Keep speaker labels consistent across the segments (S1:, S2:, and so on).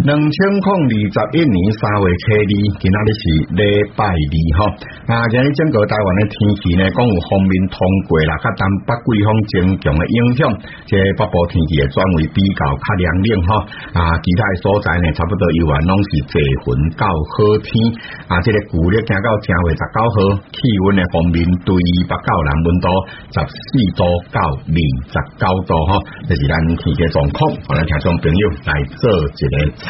S1: 兩千零二十一年三月初二，今日是禮拜二哈。今日整個台灣嘅天氣呢，講有鋒面通過啦，佢受東北季風增強嘅影響，即、這、係、個、北部天氣的轉為比較比較涼涼哈。啊，其他嘅所在呢，差不多以外攏是多雲到好天。啊，即係古日聽到聽為十九號氣溫呢，方面對北高南溫度十四度到二十九度哈。呢、啊、是咱天氣的狀況，我哋聽眾朋友來做一啲。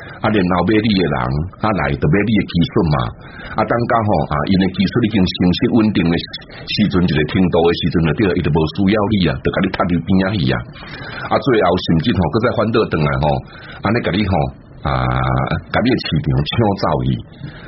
S1: 阿、啊、然後買你誒人，阿來著買你誒技術嘛，阿當家吼，阿因誒技術已經成熟穩定誒時陣，就會聽到誒時陣，那啲都無需要你啊，著甲你擦住邊啊去啊，阿最後甚至吼，佢再返倒上來吼，安尼甲你吼，啊，甲你誒市場搶走去。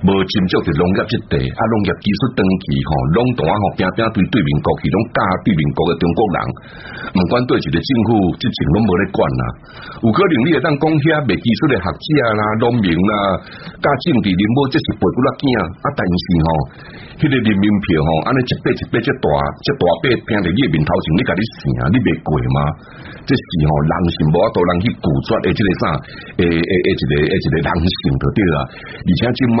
S1: 無真正的農業基地，啊，農業技術等級吼，攏台灣學兵兵對對面國，旗攏教對面國嘅中國人，毋管對一個政府即前攏無咧管啦，有可能你可會當講些賣技術嘅學者啦、農民啦、教政治人物，即是白骨拉筋啊，但是吼，迄、那個人民幣吼，安尼一筆一筆一,一大一大筆拼佇你面頭前你家己想啊，你袂過嗎？即時吼，人是無法度人去拒絕誒，即個啥誒誒誒，會會會一個會一個人性個對啊，而且即嘛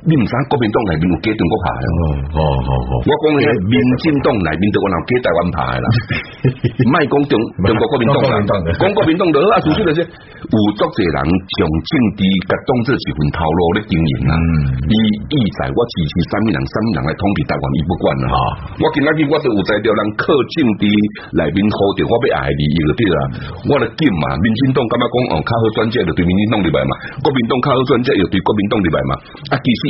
S1: 你毋知國民黨內面有幾中國牌？哦，哦，哦哦，我講嘅係民進黨內面著有加台灣牌啦。莫 講中中國國民黨啦，講國民黨就好啦。做出來啫，互助人上政治甲政治一份頭路咧經營啦。伊而在我支持啥物人，啥物人來統治台灣伊不管啦，啊、我今仔日我是有才調人靠政治內面好啲，我要愛你一個啲啦。我嚟緊嘛，民進黨感覺講哦，較，嗯、好專家就對民進黨入來嘛，國民黨較好專家又對國民黨入來嘛。啊，其實。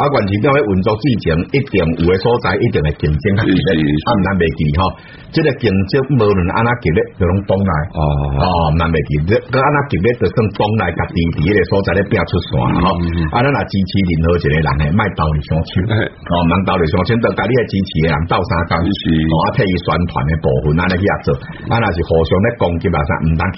S1: 不管是叨位運作之前，一定有嘅所在，一定會競爭，啊，毋通袂記吼，即個競爭無論安怎激烈，著攏東來哦哦，毋通袂記。格安怎激烈著算東來甲地迄個所在咧拼出線吼。安那若支持任何一個人誒，莫道理上簽，哦莫道理上簽，到大啲嘅支持誒人鬥相共，我替伊宣傳誒部分，安尼去做，安若是互相咧攻擊嘛，三毋通去。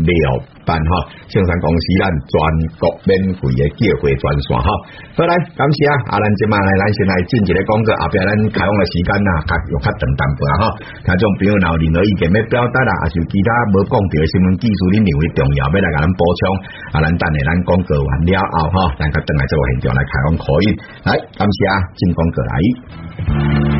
S1: 料班吼，青山公司咱全國免費嘅電話專線吼。好來，感謝啊，咱即嘛，來，咱先來進一個工作，後壁咱開放嘅時間呐，又較長淡薄仔吼，聽眾朋友若有任何，意見，要表達啦，還是其他冇講着，新聞技術你認為重要要來甲咱補充，啊，咱等下咱講過完了後吼，咱甲轉來即個現場來開放口以，來，感謝啊，進廣告來。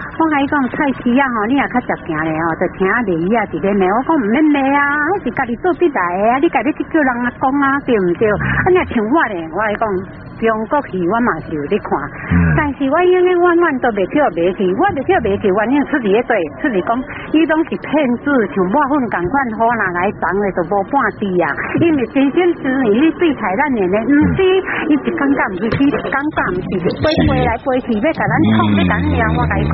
S2: 我甲你講，菜市啊吼，你也較少行嘞吼，就聽阿玲伊阿佇咧我講唔恁罵啊，是家己做筆來個啊，你家己去叫人啊講啊，對唔對？啊，你像我嘞，我甲你講，中國戲我嘛是有咧看，但是我永遠永遠都袂叫買戲，我袂叫不買戲。我硬出嚟對，出嚟講，伊攏是騙子，像我份共款，好難來賺個，都無半滴啊。因為真心真意對台，咱個咧，唔是，伊是講講，唔是，講講，唔是，飛飛來飛去，要甲咱創咩講？我甲你講。